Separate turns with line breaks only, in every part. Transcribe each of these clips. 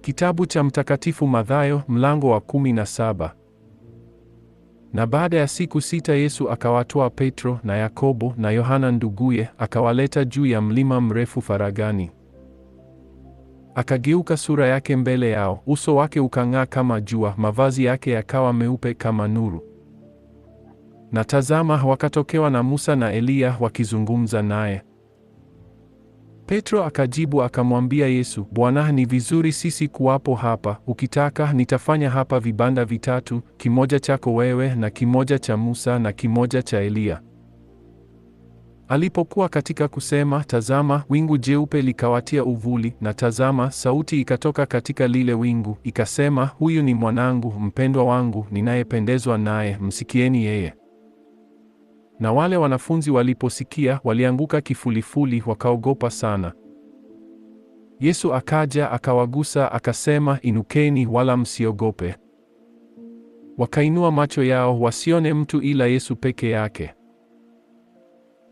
Kitabu cha Mtakatifu Mathayo mlango wa kumi na saba. Na baada ya siku sita Yesu akawatoa Petro na Yakobo na Yohana nduguye, akawaleta juu ya mlima mrefu faragani. Akageuka sura yake mbele yao, uso wake ukang'aa kama jua, mavazi yake yakawa meupe kama nuru. Na tazama, wakatokewa na Musa na Eliya wakizungumza naye. Petro akajibu akamwambia Yesu, Bwana, ni vizuri sisi kuwapo hapa. Ukitaka nitafanya hapa vibanda vitatu, kimoja chako wewe na kimoja cha Musa na kimoja cha Eliya. Alipokuwa katika kusema, tazama, wingu jeupe likawatia uvuli, na tazama, sauti ikatoka katika lile wingu ikasema, huyu ni mwanangu mpendwa wangu, ninayependezwa naye, msikieni yeye. Na wale wanafunzi waliposikia walianguka kifulifuli, wakaogopa sana. Yesu akaja akawagusa, akasema, inukeni wala msiogope. Wakainua macho yao wasione mtu ila Yesu peke yake.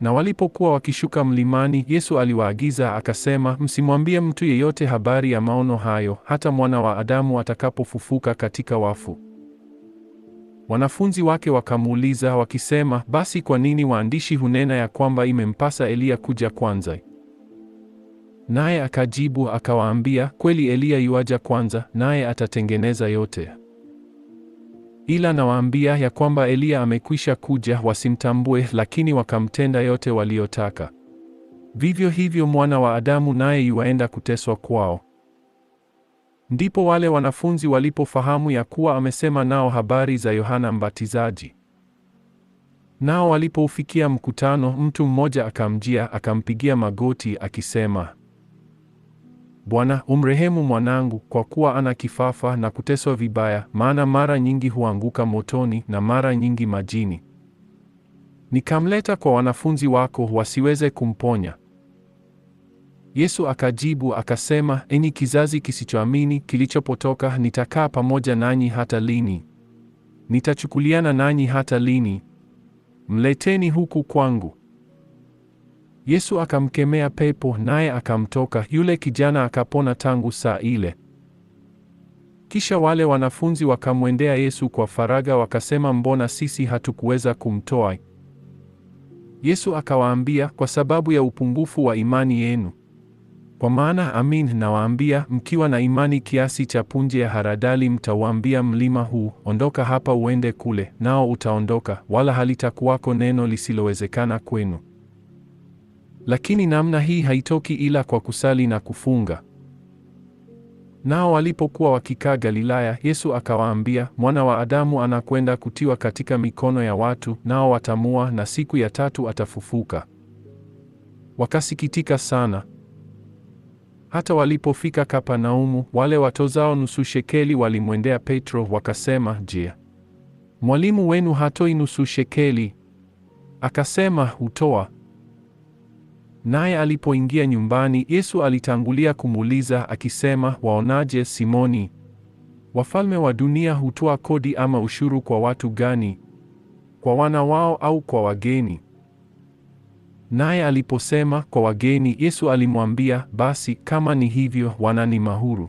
Na walipokuwa wakishuka mlimani, Yesu aliwaagiza akasema, msimwambie mtu yeyote habari ya maono hayo, hata mwana wa Adamu atakapofufuka katika wafu. Wanafunzi wake wakamuuliza wakisema, basi kwa nini waandishi hunena ya kwamba imempasa Eliya kuja kwanza? Naye akajibu akawaambia, kweli Eliya yuaja kwanza, naye atatengeneza yote. Ila nawaambia ya kwamba Eliya amekwisha kuja, wasimtambue, lakini wakamtenda yote waliotaka. Vivyo hivyo mwana wa Adamu naye yuaenda kuteswa kwao. Ndipo wale wanafunzi walipofahamu ya kuwa amesema nao habari za Yohana Mbatizaji. Nao walipoufikia mkutano, mtu mmoja akamjia akampigia magoti akisema, Bwana, umrehemu mwanangu, kwa kuwa ana kifafa na kuteswa vibaya, maana mara nyingi huanguka motoni na mara nyingi majini. Nikamleta kwa wanafunzi wako wasiweze kumponya. Yesu akajibu akasema, enyi kizazi kisichoamini kilichopotoka, nitakaa pamoja nanyi hata lini? Nitachukuliana nanyi hata lini? Mleteni huku kwangu. Yesu akamkemea pepo, naye akamtoka, yule kijana akapona tangu saa ile. Kisha wale wanafunzi wakamwendea Yesu kwa faraga, wakasema, mbona sisi hatukuweza kumtoa? Yesu akawaambia, kwa sababu ya upungufu wa imani yenu. Kwa maana amin, nawaambia, mkiwa na imani kiasi cha punje ya haradali, mtauambia mlima huu, ondoka hapa uende kule, nao utaondoka, wala halitakuwako neno lisilowezekana kwenu. Lakini namna hii haitoki ila kwa kusali na kufunga. Nao walipokuwa wakikaa Galilaya, Yesu akawaambia, mwana wa Adamu anakwenda kutiwa katika mikono ya watu, nao watamua, na siku ya tatu atafufuka. Wakasikitika sana. Hata walipofika Kapanaumu, wale watozao nusu shekeli walimwendea Petro wakasema, Je, mwalimu wenu hatoi nusu shekeli? Akasema, hutoa. Naye alipoingia nyumbani, Yesu alitangulia kumuuliza akisema, waonaje Simoni, wafalme wa dunia hutoa kodi ama ushuru kwa watu gani? Kwa wana wao au kwa wageni? Naye aliposema kwa wageni, Yesu alimwambia, basi kama ni hivyo, wanani mahuru,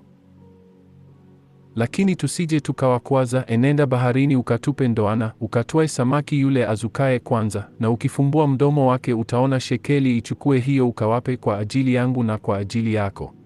lakini tusije tukawakwaza. Enenda baharini, ukatupe ndoana, ukatwae samaki yule azukaye kwanza, na ukifumbua mdomo wake utaona shekeli, ichukue hiyo ukawape kwa ajili yangu na kwa ajili yako.